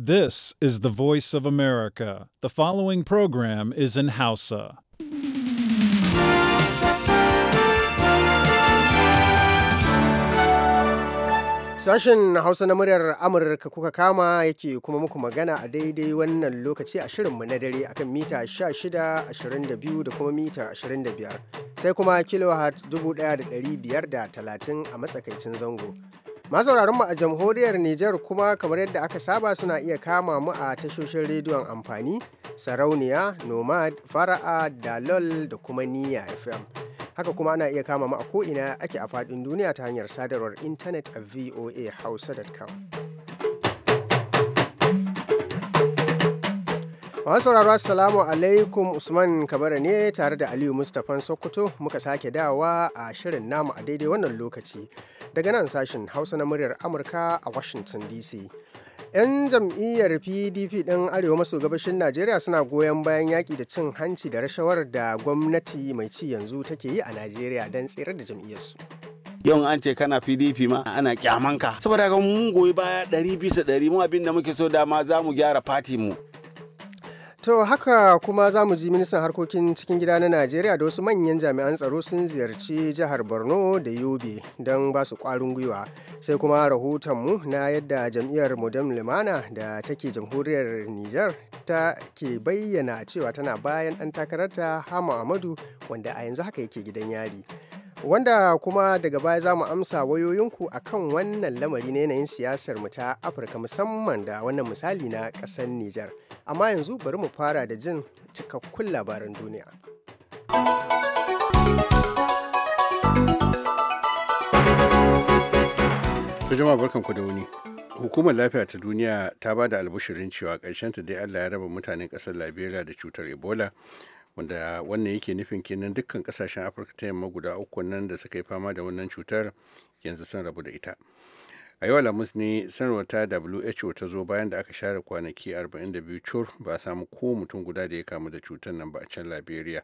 This is the voice of America. The following program is in Hausa. Sashen Hausa na muryar Amurka kuka kama yake kuma muku magana a daidai wannan lokaci a shirinmu na dare akan mita 16, 22 da kuma mita 25. Sai kuma da 1530 a matsakaicin zango. masauraran mu a jamhuriyar Nijar kuma kamar yadda aka saba suna iya kama mu a tashoshin rediyon amfani sarauniya nomad fara'a dalol da kuma niya fm haka kuma ana iya kama mu a ko'ina ake a faɗin duniya ta hanyar sadarwar intanet a voa hausa.com Masu sauraro Assalamu alaikum Usman Kabara ne tare da Aliyu Mustapha Sokoto muka sake dawa a shirin namu a daidai wannan lokaci daga nan sashen Hausa na muryar Amurka a Washington DC. 'Yan jam'iyyar PDP ɗin Arewa maso gabashin Najeriya suna goyon bayan yaƙi da cin hanci da rashawar da gwamnati mai ci yanzu take yi a Najeriya don tsirar da jam'iyyarsu. yau an ce kana pdp ma ana kyamanka saboda ga mun goyi baya ɗari bisa ɗari mu abin da muke so dama za mu gyara fati mu To haka kuma za mu ji ministan harkokin cikin gida na Najeriya da wasu manyan jami'an tsaro sun ziyarci jihar Borno da Yobe don ba su kwarin gwiwa. Sai kuma rahoton mu na yadda jam'iyyar Modem Limana da take jamhuriyar Nijar ta ke bayyana cewa tana bayan ɗan takararta Hama Amadu wanda a yanzu haka yake gidan yari. wanda kuma daga baya za mu amsa wayoyinku a kan wannan lamari na yanayin siyasar mu ta afirka musamman da wannan misali na ƙasar nijar amma yanzu bari mu fara da jin cikakkun labaran duniya jama'a barkanku da wuni hukumar lafiya ta duniya ta ba da albushirin cewa ta dai allah ya raba mutanen ƙasar liberia da cutar ebola wanda wannan yake nufin kenan dukkan kasashen afirka ta yamma guda uku nan da suka yi fama da wannan cutar yanzu sun rabu da ita a yau alhamis ne sanarwar ta who ta zo bayan da aka share kwanaki 42 cur ba a samu ko mutum guda da ya kamu da cutar nan ba a can liberia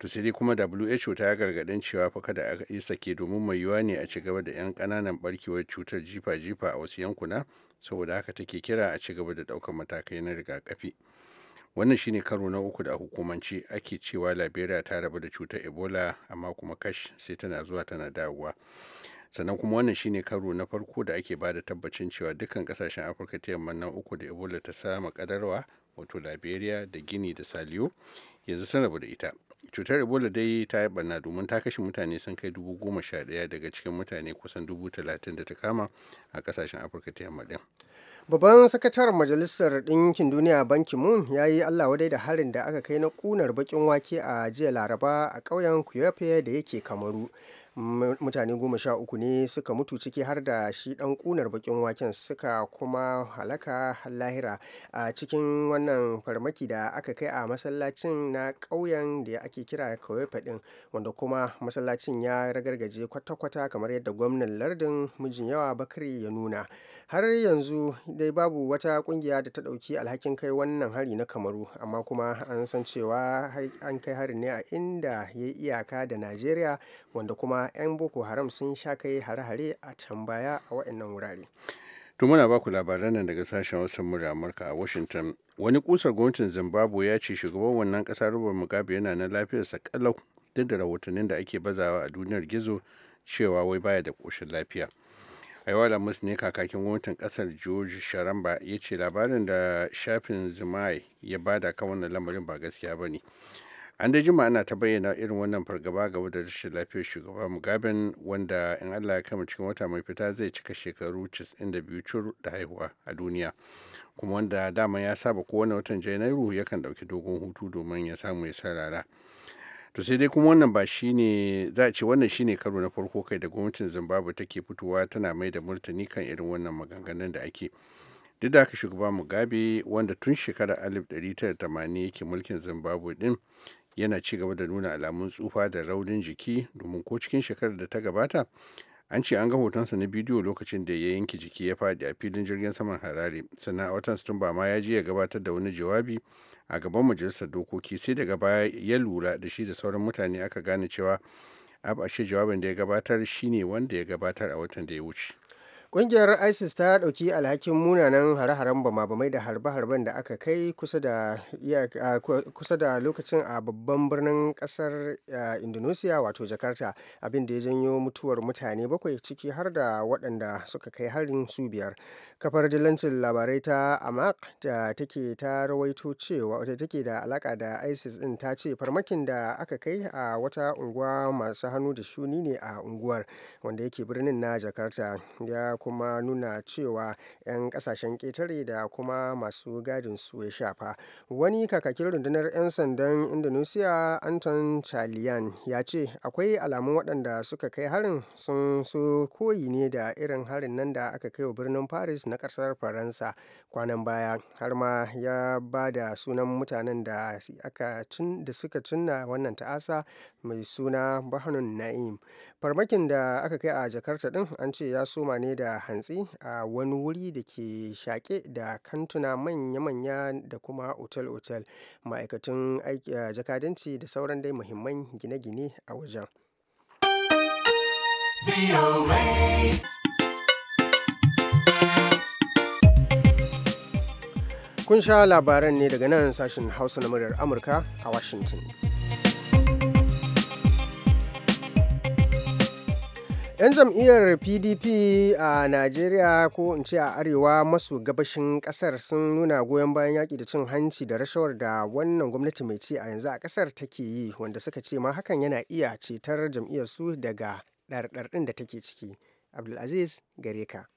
to sai dai kuma who ta gargaɗin cewa fa kada a yi sake domin mai yiwuwa ne a ci gaba da 'yan ƙananan barkewar cutar jifa-jifa a wasu yankuna saboda haka take kira a ci gaba da ɗaukar matakai na rigakafi. wannan shine karo na uku da a hukumance ake cewa liberia ta rabu da cutar ebola amma kuma kash sai tana zuwa tana dawowa sannan kuma wannan shine karo na farko da ake bada tabbacin cewa dukkan kasashen afirka ta yamma nan uku da ebola ta sama kadarwa wato liberia da gini da saliyo yanzu sun rabu da ita cutar ebola dai ta yi barna domin ta kashe mutane sun kai dubu goma sha daya daga cikin mutane kusan dubu talatin da ta kama a kasashen afirka ta yamma din Babban sakataren Majalisar Ɗinkin Duniya Banki Moon ya yi Allah wadai da harin da aka kai na ƙunar baƙin wake a jiya Laraba a ƙauyen Kuyafe da yake Kamaru. mutane goma sha uku ne suka mutu ciki har da shi dan kunar bakin waken suka kuma halaka lahira a cikin wannan farmaki da aka kai a masallacin na ƙauyen da ake kira kawai faɗin wanda kuma masallacin ya ragargaje kwata-kwata kamar yadda gwamnan lardin mijin yawa bakari ya nuna har yanzu dai babu wata kungiya da ta ɗauki alhakin kai wannan hari na kamaru amma kuma an san cewa an kai harin ne a inda ya iyaka da najeriya wanda kuma 'yan boko haram sun sha kai hare-hare a can baya a waɗannan wurare to muna baku labaran nan daga sashen wasan murya amurka a washington wani kusar gwamnatin zimbabwe ya ce shugaban wannan ƙasa robert mugabe yana na lafiyarsa kalau duk da rahotannin da ake bazawa a duniyar gizo cewa wai baya da ƙoshin lafiya aiwala da musu ne kakakin gwamnatin kasar george sharamba ya ce labarin da shafin zimai ya bada kan wannan lamarin ba gaskiya ba ne an da juma'a ana ta bayyana irin wannan fargaba game da rashin lafiyar shugaba mugabe wanda in allah ya kama cikin wata mai fita zai cika shekaru 92 cur da haihuwa a duniya kuma wanda dama ya saba kowane watan janairu yakan dauki dogon hutu domin ya samu ya sarara to sai dai kuma wannan ba ne za a ce wannan shi ne karo na farko kai da gwamnatin zimbabwe take fitowa tana mai da murtani kan irin wannan maganganun da ake duk da haka shugaba mugabe wanda tun shekarar 1980 yake mulkin zimbabwe din yana ci gaba da nuna alamun tsufa da raunin jiki domin ko cikin shekarar da ta gabata an ce an ga hotonsa na bidiyo lokacin da ya yanke jiki ya faɗi a filin jirgin saman harare sannan a watan sutumba ma ya je ya gabatar da wani jawabi a gaban majalisar dokoki sai daga baya ya lura da shi da sauran mutane aka gane cewa ashe jawabin da ya gabatar shine wanda ya gabatar a watan da ya wuce Ƙungiyar ISIS ta ɗauki alhakin munanan hare-haren bama-bamai da harbe-harben da aka kai kusa da lokacin a babban birnin ƙasar Indonesia wato Jakarta abinda ya janyo mutuwar mutane bakwai ciki har da waɗanda suka kai harin su biyar. Kafar dillancin labarai ta amak da take ta rawaito cewa wata take da alaka da ISIS ɗin ta ce farmakin da aka kai a wata unguwa masu hannu da shuni ne a unguwar wanda yake birnin na Jakarta kuma nuna cewa 'yan kasashen ketare da kuma masu gadin su ya shafa wani kakakin rundunar 'yan sandan indonesia anton chalian ya ce akwai alamun waɗanda suka kai harin sun su koyi ne da irin harin nan da aka kai wa birnin paris na ƙasar faransa kwanan baya har ma ya ba da sunan mutanen da suka cinna wannan ta'asa mai suna bahanun na'im farmakin da aka kai a jakarta din an ce ya soma ne da da hantsi a wani wuri da ke shaƙe da kantuna manya-manya da kuma otal-otal ma'aikatun eh, jakadanci da sauran dai muhimman gine-gine a wajen. Kun sha labaran ne daga nan sashen Hausa na muryar Amurka a Washington. 'yan jam'iyyar pdp a najeriya ko in ce a arewa maso gabashin kasar sun nuna goyon bayan yaki da cin hanci da rashawar da wannan gwamnati mai ci a yanzu a kasar take yi wanda suka ce ma hakan yana iya cetar jam'iyyarsu daga ɗarɗarɗin da take ciki abdulaziz gare ka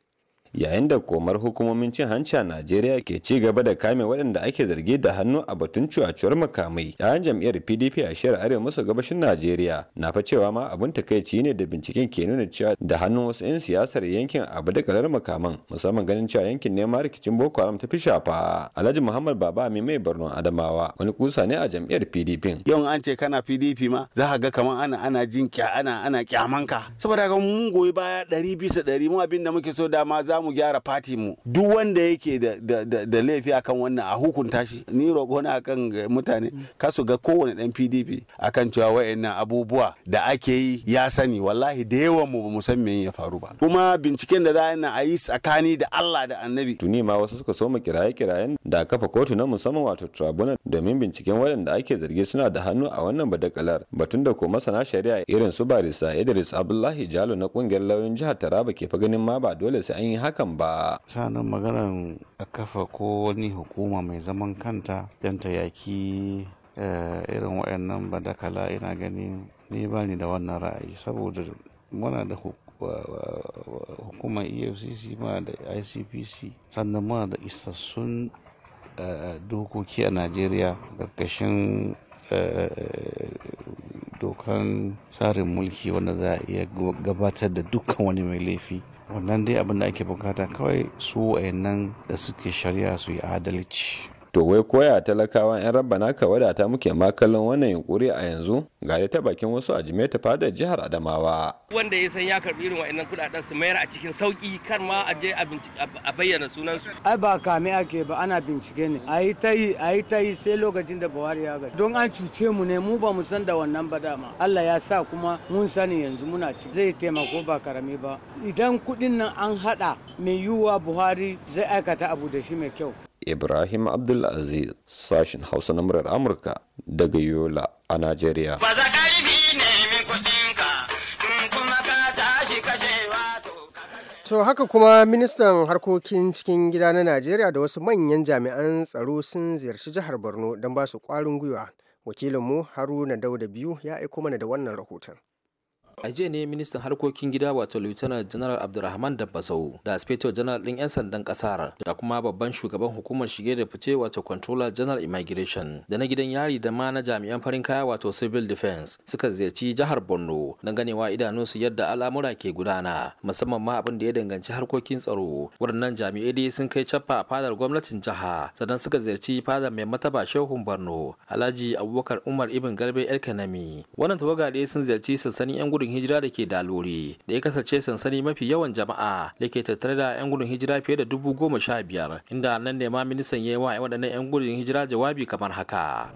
yayin da komar hukumomin cin hanci a najeriya ke ci gaba da kame waɗanda ake zargi da hannu a batun cuwacuwar makamai yayin jam'iyyar pdp a shiyar arewa maso gabashin najeriya na fa cewa ma abin takaici ne da binciken ke nuna cewa da hannun wasu 'yan siyasar yankin abu da kalar makaman musamman ganin cewa yankin ne ma rikicin boko haram ta fi shafa alhaji muhammad baba mai mai borno adamawa wani kusa ne a jam'iyyar pdp yau an ce kana pdp ma za ka ga kamar ana ana jin ana ana kyamanka saboda ga mun goyi baya ɗari bisa ɗari mu abin da muke so dama za mu gyara fati mu duk wanda yake da laifi akan wannan a hukunta shi ni roƙo na akan mutane ka su ga kowane dan PDP akan cewa wayannan abubuwa da ake yi ya sani wallahi da yawan mu bamu san me ya faru ba kuma binciken da za a yi tsakani da Allah da Annabi tuni ma wasu suka soma kiraye-kirayen da kafa kotu na musamman wato tribunal domin binciken waɗanda ake zargi suna da hannu a wannan badakalar batun da ko masana shari'a irin su barista Idris Abdullahi Jalo na kungiyar lauyoyin jihar Taraba ke fa ganin ma ba dole sai an yi haka hakan ba sanin maganar a kafa ko wani hukuma mai zaman kanta don ta yaki eh, irin waɗannan badakala ina gani ni ba ni da wannan ra'ayi saboda muna da hukumar efcc ma da icpc sannan muna da isassun eh, dokoki a najeriya ƙarƙashin eh, dokan tsarin mulki wanda za a iya gabatar da dukkan wani mai laifi wannan dai abin da ake bukata kawai su wayannan da suke shari'a su yi adalci to wai koya talakawan 'yan rabba naka wadata muke makallon wannan yunkuri a yanzu ga ta bakin wasu a ta fadar jihar adamawa wanda ya san ya karbi irin wa'annan kudaden su mayar a cikin sauki kar ma a je a bayyana sunan su ai ba kame ake ba ana bincike ne ayi ta yi ayi ta yi sai lokacin da buhari ya gari. don an cuce mu ne mu ba mu san da wannan ba dama Allah ya sa kuma mun sani yanzu muna ci zai taimako ba karami ba idan kudin nan an hada mai yiwuwa buhari zai aikata abu da shi mai kyau Ibrahim Abdulaziz sashen Hausa na murar Amurka daga Yola a Najeriya. To haka kuma ministan harkokin cikin gida na Najeriya da wasu manyan jami'an tsaro sun ziyarci jihar Borno don ba su ƙwarin gwiwa. Wakilinmu Haruna Dauda biyu ya aiko mana da wannan rahoton. a jiya ne ministan harkokin gida wato lieutenant general abdulrahman dabbasau da inspector general din yan sandan kasar da kuma babban shugaban hukumar shige da fice wato controller general immigration da na gidan yari da ma na jami'an farin kaya wato civil defense suka ziyarci jihar borno don ganewa su yadda al'amura ke gudana musamman ma abin da ya danganci harkokin tsaro waɗannan jami'ai dai sun kai a fadar gwamnatin jiha sannan suka ziyarci fadar mai mataba shehun borno alhaji abubakar umar ibn Galbe el kanami wannan tawaga dai sun ziyarci sansanin yan gudu gudun hijira da ke dalori da ya kasance sansani mafi yawan jama'a da ke tattare da 'yan gudun hijira fiye da dubu goma sha biyar inda nan ne ma ministan ya yi wa waɗannan 'yan gudun hijira jawabi kamar haka.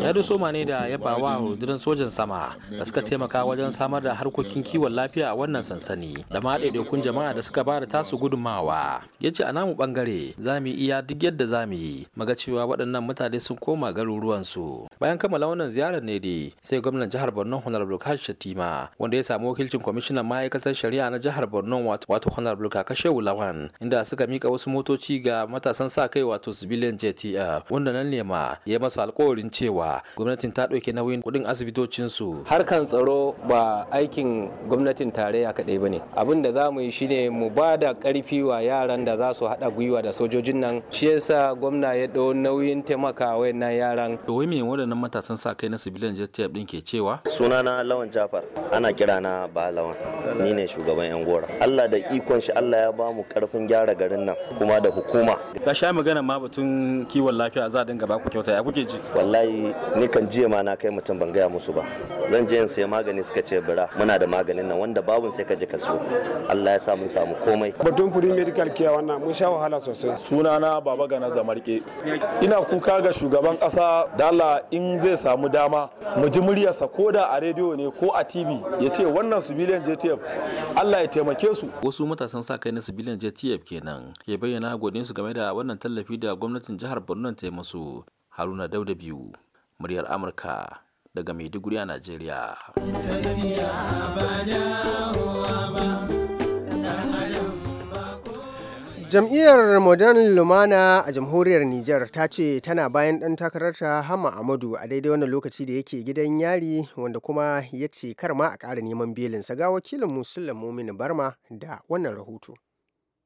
ya da soma ne da ya bawa rundunar sojan sama da suka taimaka wajen samar da harkokin kiwon lafiya a wannan sansani da ma ɗaiɗaikun jama'a da suka bada tasu gudunmawa ya ce a namu ɓangare za mu iya duk yadda za mu yi muga cewa waɗannan mutane sun koma garuruwansu bayan kammala kammala wannan ziyarar ne dai sai gwamnan jihar Borno Honorable Kashi Tima wanda ya samu wakilcin kwamishinan ma'aikatar shari'a na jihar Borno wato Honorable Kakashewu Lawan inda suka mika wasu motoci ga matasan sa kai wato civilian JTF wanda nan ne ma ya masa alkawarin cewa gwamnatin ta ɗauke nauyin kuɗin asibitocin su harkan tsaro ba aikin gwamnatin tarayya kaɗai ba ne. abin da za mu yi shine mu ba da ƙarfi wa yaran da za su haɗa gwiwa da sojojin nan shi yasa gwamna ya ɗau nauyin taimaka wa yaran to wai me waɗannan matasan ma'aikatan sa kai na civilian jet tiyab din ke cewa sunana lawan jafar ana kira na ba lawan ni ne shugaban yan gora allah da ikon shi allah ya bamu karfin gyara garin nan kuma da hukuma ka sha magana ma batun kiwon lafiya za a dinga baku kyauta ya kuke ji wallahi ni kan jiya ma na kai mutum ban gaya musu ba zan je in sayi magani suka ce bira muna da maganin nan wanda babun sai ka je ka siyo allah ya sa mun samu komai batun kudin medical care wannan mun sha wahala sosai sunana baba gana zamarke ina kuka ga shugaban kasa da allah in zai samu dama mu ji muryarsa ko da a rediyo ne ko a tv ya ce wannan civilian jtf allah ya taimake su wasu matasan sa kai na civilian jtf kenan ya bayyana su game da wannan tallafi da gwamnatin jihar borno ta yi musu haruna dauda biyu muryar amurka daga maiduguri a najeriya Jam'iyyar Modern Lumana a jamhuriyar Nijar ta ce tana bayan ɗan takararta Hama Amadu a daidai wannan lokaci da yake gidan yari wanda kuma ya ce karma a ƙara neman belinsa ga wakilin Musulun mumin Barma da wannan rahoto.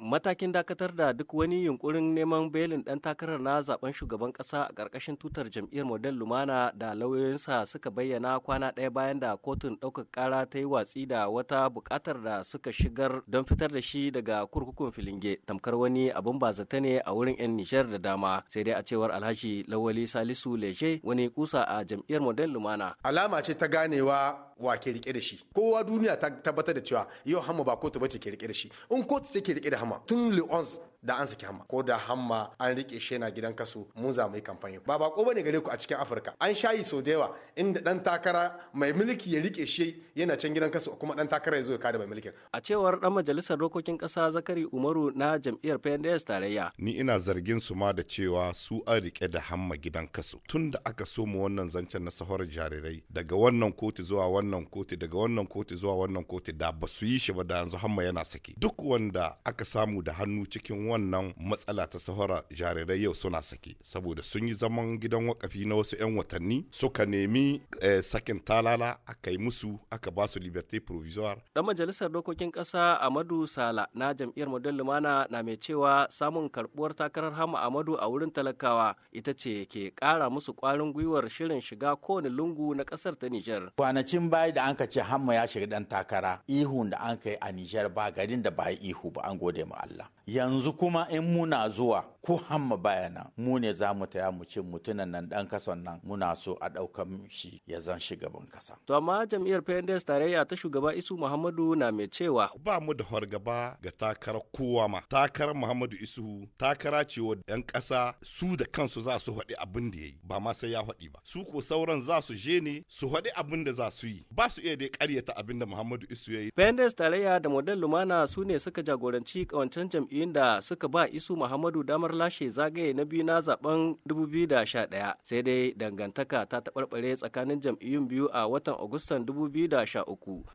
matakin dakatar da duk wani yunkurin neman belin ɗan takarar na zaben shugaban ƙasa a ƙarƙashin tutar jam'iyyar model lumana da lauyoyinsa suka bayyana kwana ɗaya bayan da kotun ɗaukar kara ta yi watsi da wata buƙatar da suka shigar don fitar da shi daga kurkukun filinge tamkar wani abin bazata ne a wurin 'yan nijar da dama sai dai a cewar alhaji lawali salisu leje wani kusa a jam'iyyar model lumana alama ce ta ganewa wa ke rike da shi kowa duniya ta tabbatar da cewa yau hama ba kotu bace ke rike da shi in kotu ce ke rike da hama tun leons da an saki hamma ko da hamma an rike shi na gidan kasu. mu za mu yi kamfani ba ko bane gare ku a cikin afirka an shayi so da yawa inda dan takara mai mulki ya rike shi yana can gidan kasu kuma dan takara ya zo ya kada mai mulkin a cewar dan majalisar dokokin kasa zakari umaru na jam'iyyar pnds tarayya ni ina zargin su ma da cewa su an rike da hamma gidan kasu. tun da aka so mu wannan zancen na sahorar jarirai daga wannan kotu zuwa wannan kotu daga wannan kotu zuwa wannan kotu da ba su yi shi ba da yanzu hamma yana saki duk wanda aka samu da hannu cikin wannan matsala ta sahara jarirai yau suna sake saboda sun yi zaman gidan wakafi na wasu 'yan watanni suka nemi eh, sakin talala aka yi musu aka ba su liberté provisoire dan majalisar dokokin kasa amadu sala na jam'iyyar model lumana na mai cewa samun karbuwar takarar hama amadu a wurin talakawa ita ce ke kara musu kwarin gwiwar shirin shiga kowane lungu na kasar ta nijar kwanacin baya da an ka ce hamma ya shiga dan takara ihun da an kai a nijar ba garin da ba ihu ba an gode ma allah yanzu kuma in muna zuwa ko hamma bayana mu ne za mu taya mu ce mutunan nan dan kasan nan muna so a daukan shi ya zan shugaban kasa. To amma jam'iyyar PNDS tarayya ta shugaba Isu Muhammadu na mai cewa ba mu da fargaba ga takara kowa ma takar Muhammadu Isu takara ce wa ɗan ƙasa su da kansu za su faɗi abin da ya ba ma sai ya faɗi ba su ko sauran za su je ne su faɗi abin da za su yi ba su iya dai ƙaryata abin da Muhammadu Isu yayi yi. PNDS tarayya da model Lumana su ne suka jagoranci kawancen jam'iyyar kuri'un da suka ba isu muhammadu damar lashe zagaye na biyu na zaben 2011 sai dai dangantaka ta taɓarɓare tsakanin jam'iyyun biyu a watan agustan 2013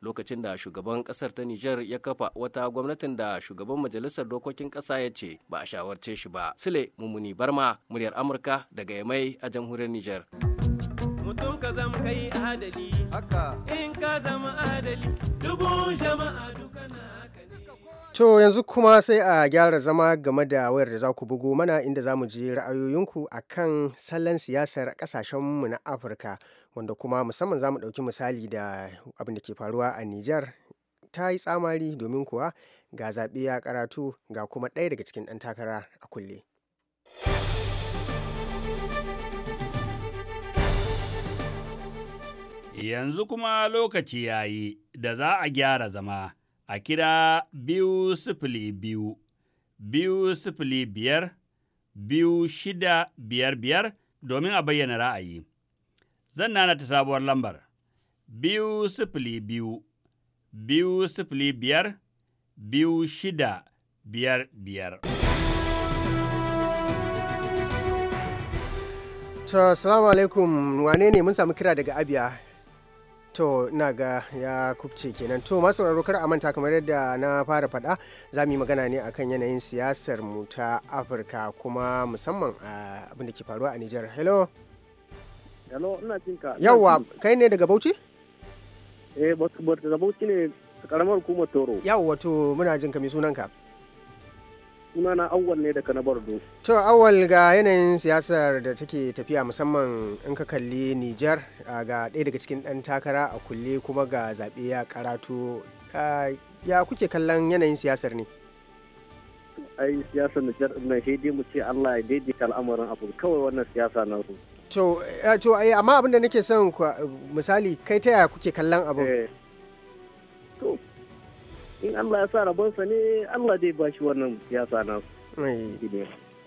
lokacin da shugaban ƙasar ta nijar ya kafa wata gwamnatin da shugaban majalisar dokokin ƙasa ya ce ba a shawarce shi ba sile mumuni barma muryar amurka daga yamai a jamhuriyar nijar mutum ka zama kai adali in ka zama adali dubun jama'a To yanzu kuma sai a gyara zama game da wayar da za ku bugo mana inda za mu ji ra'ayoyinku a kan salon siyasar ƙasashenmu na Afirka wanda kuma musamman za mu ɗauki misali da abin da ke faruwa a Nijar ta yi tsamari domin kuwa ga zaɓe ya karatu ga kuma ɗaya daga cikin ɗan takara a kulle. Yanzu kuma lokaci yayi da za a gyara zama. a kira biyu sifili biyu, biyu sifili biyar, biyu shida biyar biyar domin a bayyana ra'ayi. Zan nana ta sabuwar lambar, biyu sifili biyu, biyu sifili biyar, biyu shida biyar biyar. To, salamu alaikum, wane ne mun samu kira daga Abia? to ina ga ya kubce kenan to masu kar a manta kamar yadda na fara faɗa za mu yi magana ne akan yanayin siyasar mu ta afirka kuma musamman a abin da ke faruwa a nijar hello hello ina jinka yawa kai ne daga bauchi eh daga bauchi ne karamar hukumar toro yawa to muna jin ka mai sunanka sunana awal ne daga na bordo to awal ga yanayin siyasar da take tafiya musamman in ka kalli niger ga ɗaya daga cikin ɗan takara a kulle kuma ga zaɓe ya karatu ya kuke kallon yanayin siyasar ne ai siyasar niger na dai mu ce allah ya daidai al'amarin abu kawai wannan siyasa na to to amma abin da nake son misali kai ta yaya kuke kallon abu? in Allah ya sa rabonsa ne Allah zai bashi wannan siyasa na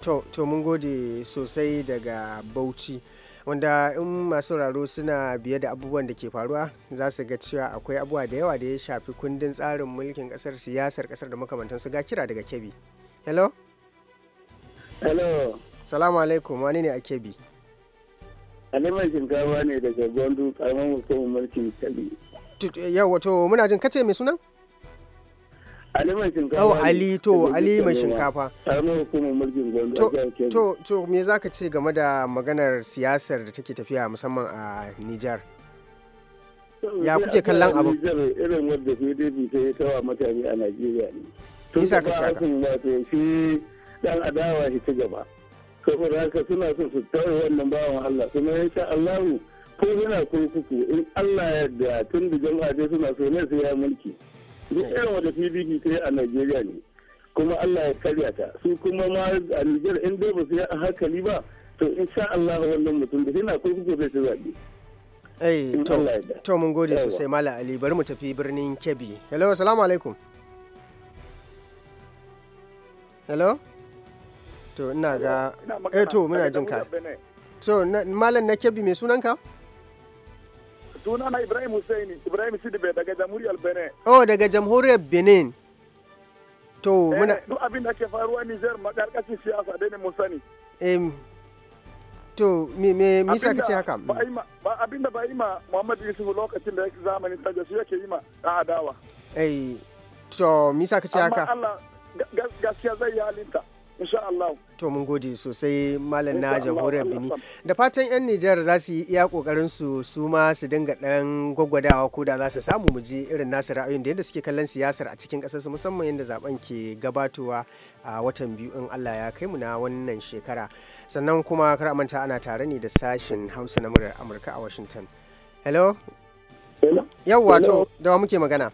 to to mun gode sosai daga Bauchi wanda in masu raro suna biye da abubuwan da ke faruwa za su ga cewa akwai abubuwa da yawa da ya shafi kundin tsarin mulkin kasar siyasar kasar da su, ga kira daga kebi hello hello salamu alaikum wani ne a kebi alamar shinkafa ne daga gondu karamar musamman mulkin kebi yau wato muna jin kace mai sunan Ali Ali to Ali mai shinkafa. To to me zaka ce game da maganar siyasar da take tafiya musamman a Nijar? Ya kuke kallon abu? Irin wadda su dai bi sai ta wa mutane a Najeriya ne. Nisa ka ci haka. Wato shi dan adawa shi ta gaba. Saboda haka suna so su tawo wannan bawan Allah kuma insha Allah ko suna kurkuku in Allah ya yarda tun da jama'a suna so ne su ya mulki. duk irin wanda pdp ta yi a najeriya ne kuma allah ya karya ta su kuma ma a nijar in dai ba su yi a hankali ba to insha allah wannan mutum da yana kuka zai su zaɓe. Hey, eh, to, to mun gode sosai Malam Ali bari mu tafi birnin Kebbi. Hello, assalamu alaikum. Hello? To, ina ga... Eh, to, muna jin ka. To, Malam na Kebbi mai sunanka? Suna na Ibrahim Hussaini, Ibrahim Sidibe daga jamhuriyar Benin. Oh, daga jamhuriyar Benin. To, eh, muna... Duk abin da ke faruwa Nijar makarkashin siyasa dai ne mu sani. Em, to, me, me, me sa ka ce haka? Ba abin da ba yi ma Muhammadu Yusufu lokacin da yake zamani tsaje shi yake yi ma a adawa. Eh, to, me sa ka ce haka? Amma Allah gaskiya zai yi halinta. insha to mun gode sosai malam na jamhuriyar Bini da fatan yan Nijar za su yi iya kokarin su su ma su dinga ɗan gwagwadawa ko da za su samu mu je irin nasu ra'ayoyin da yadda suke kallon siyasar a cikin kasar su musamman yadda zaben ke gabatowa a watan biyu in Allah ya kai mu na wannan shekara sannan kuma kar a manta ana tare ne da sashin Hausa na murar Amurka a Washington hello yawwa to da muke magana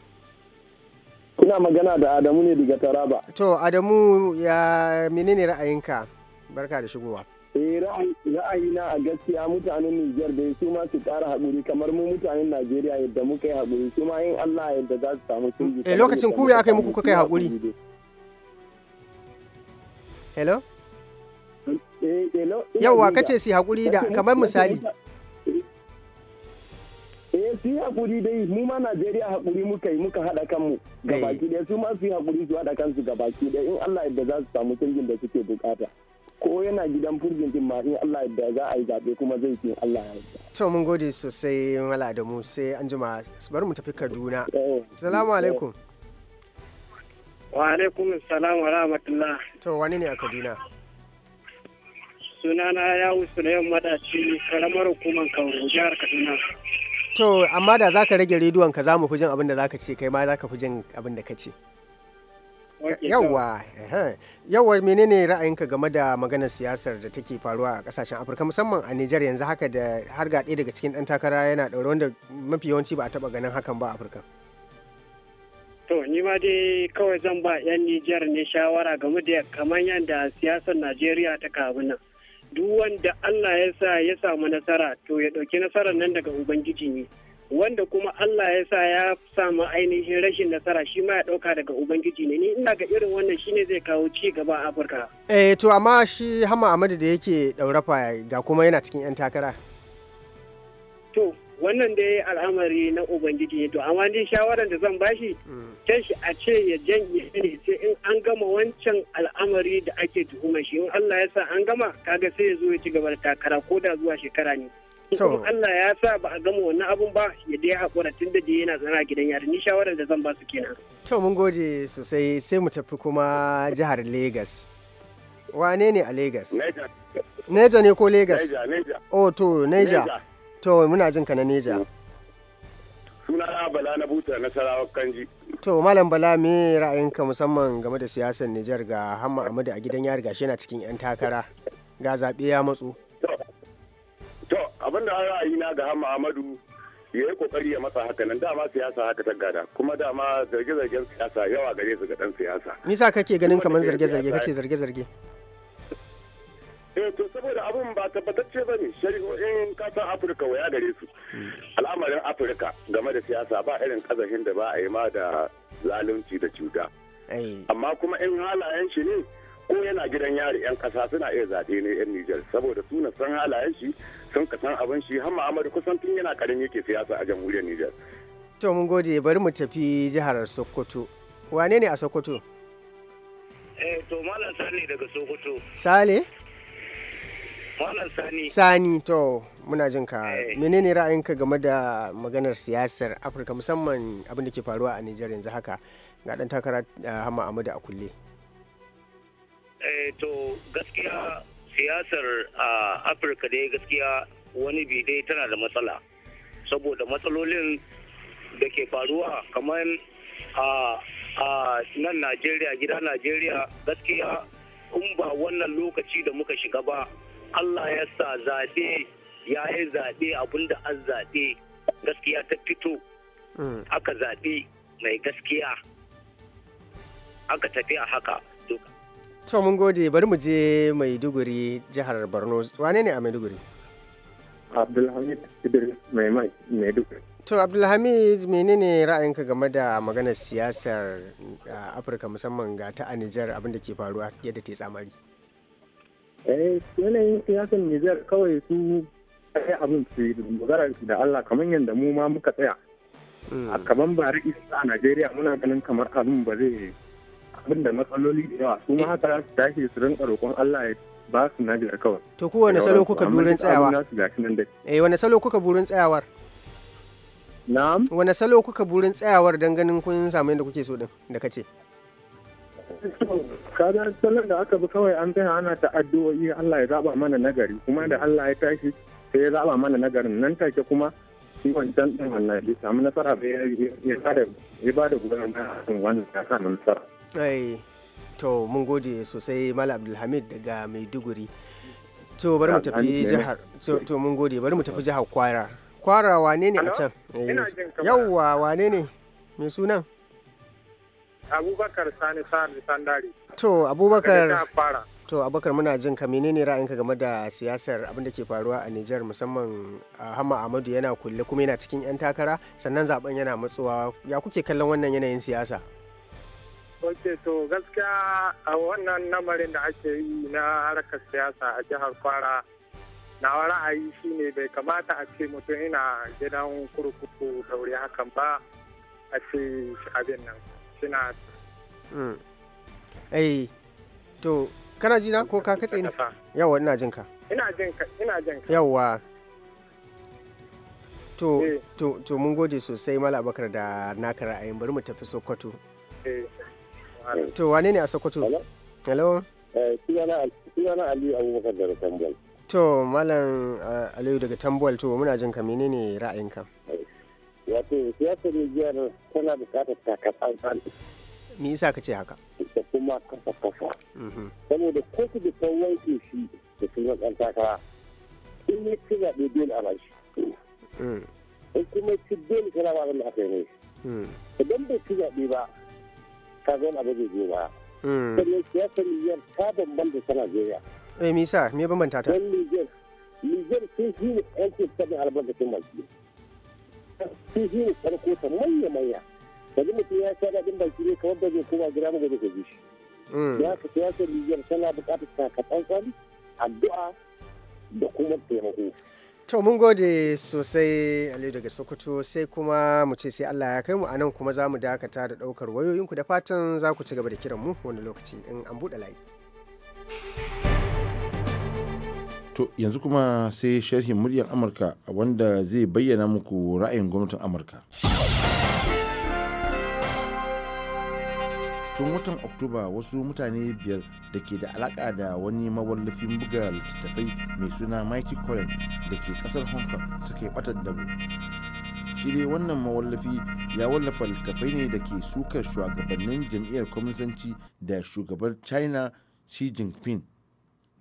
Kuna magana da Adamu ne daga Taraba. To Adamu ya menene ra'ayinka? Barka da shigowa. Eh ra'ayi na a gaskiya mutanen Nijar da su ma su kara haƙuri kamar mu mutanen Najeriya yadda muka yi haƙuri su ma yin Allah yadda za su samu canji. Eh lokacin ku me aka yi muku kuka yi haƙuri? Hello? Eh, eh, Yawwa kace su haƙuri da kamar misali. eh su yi hakuri dai mu ma Najeriya hakuri muka yi muka haɗa kanmu gabaki eh. ɗaya su ma su yi hakuri su haɗa kansu gabaki ɗaya in Allah yadda za su samu canjin da suke bukata ko yana gidan furgin din ma in Allah yadda za a yi zaɓe kuma zai fi Allah ya yarda. To mun gode sosai Mala mu sai an jima bari mu tafi Kaduna. Eh. Salamu eh. alaikum. Wa alaikum salam wa rahmatullah. To wani ne a Kaduna? Sunana ya wusu na yamma da karamar hukumar Kauru jihar Kaduna. To amma da za ka rage rediyon ka za mu fi jin abin da za ka ce kai ma za ka fi abin da ka ce. Yawwa, yawwa menene ra'ayinka game da maganar siyasar da take faruwa a kasashen Afirka musamman a Nijar yanzu haka da har ga ɗaya daga cikin ɗan takara yana ɗaure wanda mafi yawanci ba a taɓa ganin hakan ba a Afirka. To ni ma dai kawai zan ba 'yan Nijar ne shawara game da kamar yadda siyasar Najeriya ta kawo nan. duk wanda Allah ya sa ya samu nasara to ya ɗauki nasarar nan daga Ubangiji ne wanda kuma Allah ya sa ya samu ainihin rashin nasara shi ma ya ɗauka daga Ubangiji ne ni ina ga irin wannan ne zai kawo ci gaba a Afirka. Eh to amma shi Hama Ahmadu da yake ɗaurafa ga kuma yana cikin 'yan takara. To wannan da dai al'amari na ubangiji ne to amma ni shawaran da zan bashi ta hmm. shi a ce ya jan ne sai in an gama wancan al'amari da ake tuhuma shi in Allah ya sa an gama kaga sai ya zo ya ci gaba da takara ko da zuwa shekara ne to Allah ya sa ba a gama wannan abun ba ya dai hakura tun da yana zana gidan yari ni shawaran da zan ba su kenan to mun gode sosai sai mu tafi kuma jihar Lagos wane ne a Lagos Neja ne ko Lagos Neja Neja oh to Neja To muna jin ka na Neja. Suna Bala na buta na Sarawar Kanji. To Malam Bala me ra'ayinka musamman game da siyasar Nijar ga Hamma Amadu a gidan yari gashi yana cikin 'yan takara ga zaɓe ya matso. To abin da ra'ayina ga Hamma Amadu ya yi kokari ya masa haka nan dama siyasa haka ta gada kuma dama zarge-zargen siyasa yawa gare su ga dan siyasa. Nisa kake ganin kamar zarge-zarge kace zarge-zarge. eh to saboda abun ba tabbatacce ba ne shari'o'in kasar afirka waya gare su al'amarin afirka game da siyasa ba irin kazahin da ba a yi ma da zalunci da cuta amma kuma in halayen shi ne ko yana gidan yari 'yan kasa suna iya zaɓe ne 'yan Nijar saboda suna san halayen shi sun kasan abin shi har amadu kusan tun yana karin yake siyasa a jamhuriyar Nijar. To mun gode bari mu tafi jihar Sokoto. Wane ne a Sokoto? Eh to Malam Sale daga Sokoto. Sale? Sani. Sani to muna jin ka eh. menene ra'ayinka game da maganar siyasar Afirka musamman abin da ke faruwa a Nijar yanzu haka ga dan takara eh, Hama Amadu a kulle. Eh to gaskiya siyasar a Afirka dai gaskiya wani bi dai tana da matsala saboda matsalolin da ke faruwa kamar a nan Najeriya gida Najeriya gaskiya in ba wannan lokaci da muka shiga ba Allah ya sa zaɓe ya yi zaɓe abinda an zaɓe gaskiya ta fito hmm. aka zaɓe mai gaskiya aka tafi a haka to mun gode bari mu je maiduguri jihar borno wane ne a maiduguri abdulhamid idris mai maiduguri to abdulhamid menene ra'ayinka game da maganar siyasar uh, afirka musamman ga ta a nijar abinda ke faruwa yadda ta yi tsamari eh yanayin siyasan Nijar kawai su tsaye abin su dogara da Allah kamar yadda mu ma muka tsaya hmm. a kaman ba a Najeriya muna ganin kamar abin ba zai abin da matsaloli da yawa su ma haka su tashi su rinka roƙon Allah ya ba su Najeriya kawai to ku wani salo kuka burin tsayawa eh wani salo kuka burin tsayawar na'am wani salo kuka burin tsayawar don ganin kun samu yadda kuke so din da kace kaga salon da aka bi kawai an tsaya ana ta addu'o'i Allah ya zaba mana nagari kuma da Allah ya tashi sai ya zaba mana nagarin nan take kuma shi wancan din wannan ya samu nasara bai ya bada ya da gudanar da wannan ya samu nasara. to mun gode sosai Malam Abdulhamid daga Maiduguri. To bari mu tafi jihar to mun gode bari mu tafi jihar Kwara. Kwara wane ne a can? Eh, yauwa wane ne? Me sunan? Abubakar Sani sani Sandari. To Abubakar. To Abubakar muna jin ka menene ra'ayinka game da siyasar abin da ke faruwa a Nijar musamman hamma Ahmadu yana kulle kuma yana cikin 'yan takara sannan zaben yana matsowa ya kuke kallon wannan yanayin siyasa? ok to gaskiya a wannan lamarin da ake yi na harkar siyasa a jihar kwara na ra'ayi shine bai kamata a ce mutum ina gidan kurkuku daure hakan ba a ce abin nan suna eh to kana jina ko ka katse ni yawa ina jinka ina jinka ina jinka yawa to eh. to to mun gode sosai mala abakar da naka ra'ayin bari mu tafi sokoto eh. to wane ne a sokoto hello eh, sunana aliyu abubakar daga tambol to malam aliyu daga tambol to muna jinka menene ra'ayinka wato siyasar Nijar tana bukatar takatsantsan. Me yasa ka ce haka? Da kuma kafa kafa. Mhm. Saboda kotu da ta wanke shi da sunan ɗan takara in ya ci zaɓe dole a bashi. Mm. In kuma ci dole kana ba abin da aka yi mai. Mm. Idan bai ci zaɓe ba ka zo na gaje zo ba. Sannan siyasar Nijar ta bambanta ta Najeriya. Eh misa me bambanta ta? Dan Nijar Nijar sun ne yankin sabon albarkacin baki. sun shi ne farko ta manya manya mutum ya sha daɗin baki ne kamar ba zai koma gida ba gobe ka ji shi. Mm. ya ka siyasar Nijar tana buƙatar takatsantsan addu'a da kuma taimako. To mun gode sosai Aliyu daga Sokoto sai kuma mu ce sai Allah ya kai mu anan kuma za mu dakata da ɗaukar wayoyinku da fatan za ku ci gaba da kiran mu wani lokaci in an buɗe layi. to yanzu kuma sai sharhin muryar amurka wanda zai bayyana muku ra'ayin gwamnatin amurka tun watan oktoba wasu mutane biyar da ke da alaka da wani mawallafin buga littattafai mai suna mighty current da ke kasar hong kong suka yi batar dabo shi dai wannan mawallafi ya wallafa littattafai ne da ke sukar shugabannin jam'iyyar kwaminsanci da shugabar china xi jinping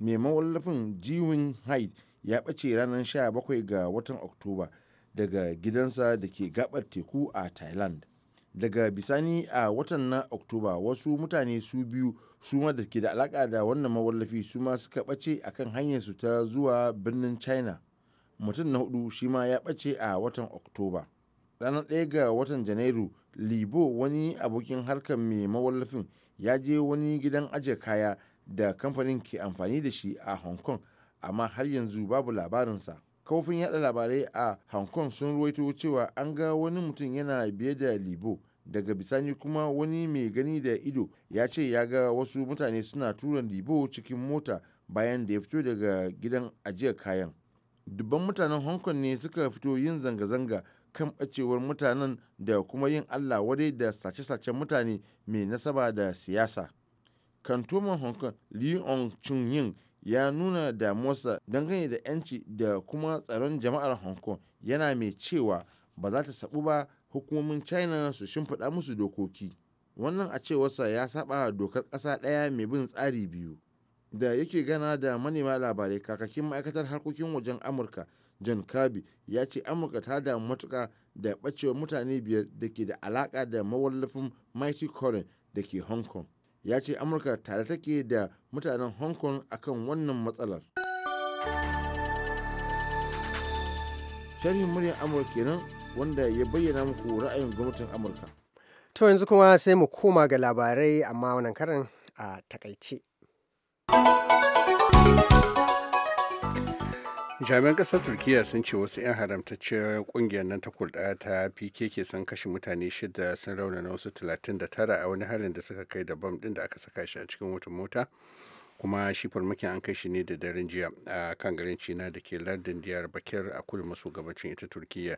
mai mawallafin jiwin hyde ya ɓace ranar 17 ga watan oktoba daga gidansa da ke gabar teku a thailand daga bisani a watan na oktoba wasu mutane su biyu su ma da ke da alaka da wannan mawallafi su ma suka ɓace a kan hanyarsu ta zuwa birnin china mutum na hudu shi ma ya ɓace a watan oktoba ranar ɗaya ga watan janairu libo wani abokin harkar mai mawallafin ya je wani gidan ajiye kaya da kamfanin ke amfani da shi a hong kong amma har yanzu babu labarinsa kafofin yada labarai a hong kong sun ruwaito cewa an ga wani mutum yana biye da libo daga bisani kuma wani mai gani da ido ya ce ya ga wasu mutane suna tura libo cikin mota bayan da ya fito daga gidan ajiyar kayan dubban mutanen hong kong ne suka fito yin zanga-zanga kan ɓacewar mutanen da kuma yin allah wadai da sace-sacen mutane mai nasaba da siyasa kantoman hong kong li chung ying ya nuna damuwarsa dangane da 'yanci da kuma tsaron jama'ar hong kong yana mai cewa ba za ta sabu ba hukumomin china su shimfiɗa musu dokoki wannan a cewarsa ya saba dokar ƙasa ɗaya mai bin tsari biyu da yake gana da manema labarai kakakin ma'aikatar harkokin wajen amurka john kirby ya ce amurka ta da matuka da ɓacewar mutane biyar da ke da alaƙa da mawallafin mighty corin da ke hong kong ya ce amurka tare take da mutanen hong kong akan wannan matsalar sharhin muryar amurka kenan wanda ya bayyana muku ra'ayin gwamnatin amurka to yanzu kuma sai mu koma ga labarai amma wannan karin a takaice jami'an kasar turkiya sun ce wasu 'yan haramtacciyar kungiyar nan ta kurda ta pkk sun kashe mutane shida sun raunana wasu 39 a wani halin da suka kai da bam din da aka saka shi a cikin wata mota kuma shi farmakin an kai shi ne da daren jiya a kan garin china da ke lardin diyar bakir a kudu maso gabacin ita turkiya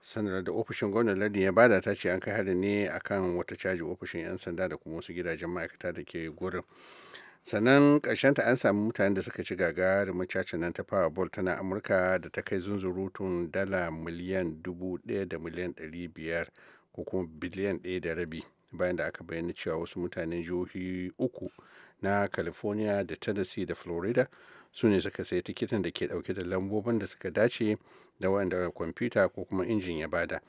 sanar da ofishin gwamnan lardin ya bada ta ce an kai harin ne akan wata caji ofishin 'yan sanda da kuma wasu gidajen ma'aikata da ke gurin sannan ta an samu mutanen da suka ci gagarumin cacin nan ta powerball tana amurka da ta kai zunzurutun dala miliyan dubu ɗaya da miliyan ɗari biyar ko kuma biliyan ɗaya da rabi bayan da aka bayyana cewa wasu mutanen jihohi uku na california da tennessee da florida su ne suka sayi tikitin da ke ɗauke da lambobin da suka dace da wanda kwamfuta ko kuma injin ya bada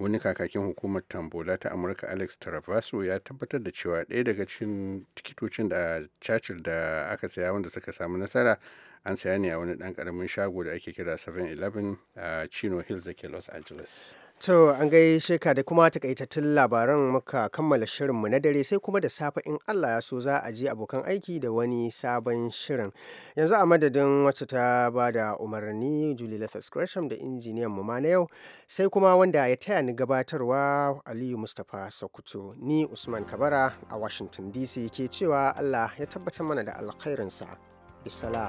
wani kakakin hukumar tambola ta amurka alex travaso ya tabbatar da cewa ɗaya daga cikin tikitocin da churchill da aka saya wanda suka samu nasara an saya ne a wani ɗan ƙaramin shago da ake kira 7-eleven a chino hills da ke los angeles To an gaishe ka da kuma takaitattun labaran muka kammala shirinmu na dare sai kuma da safe in Allah ya so za a je abokan aiki da wani sabon shirin. Yanzu a madadin wacce ta ba da umarni Julie Lethas Gresham da injiniyan mu ma na yau sai kuma wanda ya taya ni gabatarwa Aliyu Mustapha Sokoto ni Usman Kabara a Washington DC ke cewa Allah ya tabbatar mana da alkhairinsa. isala.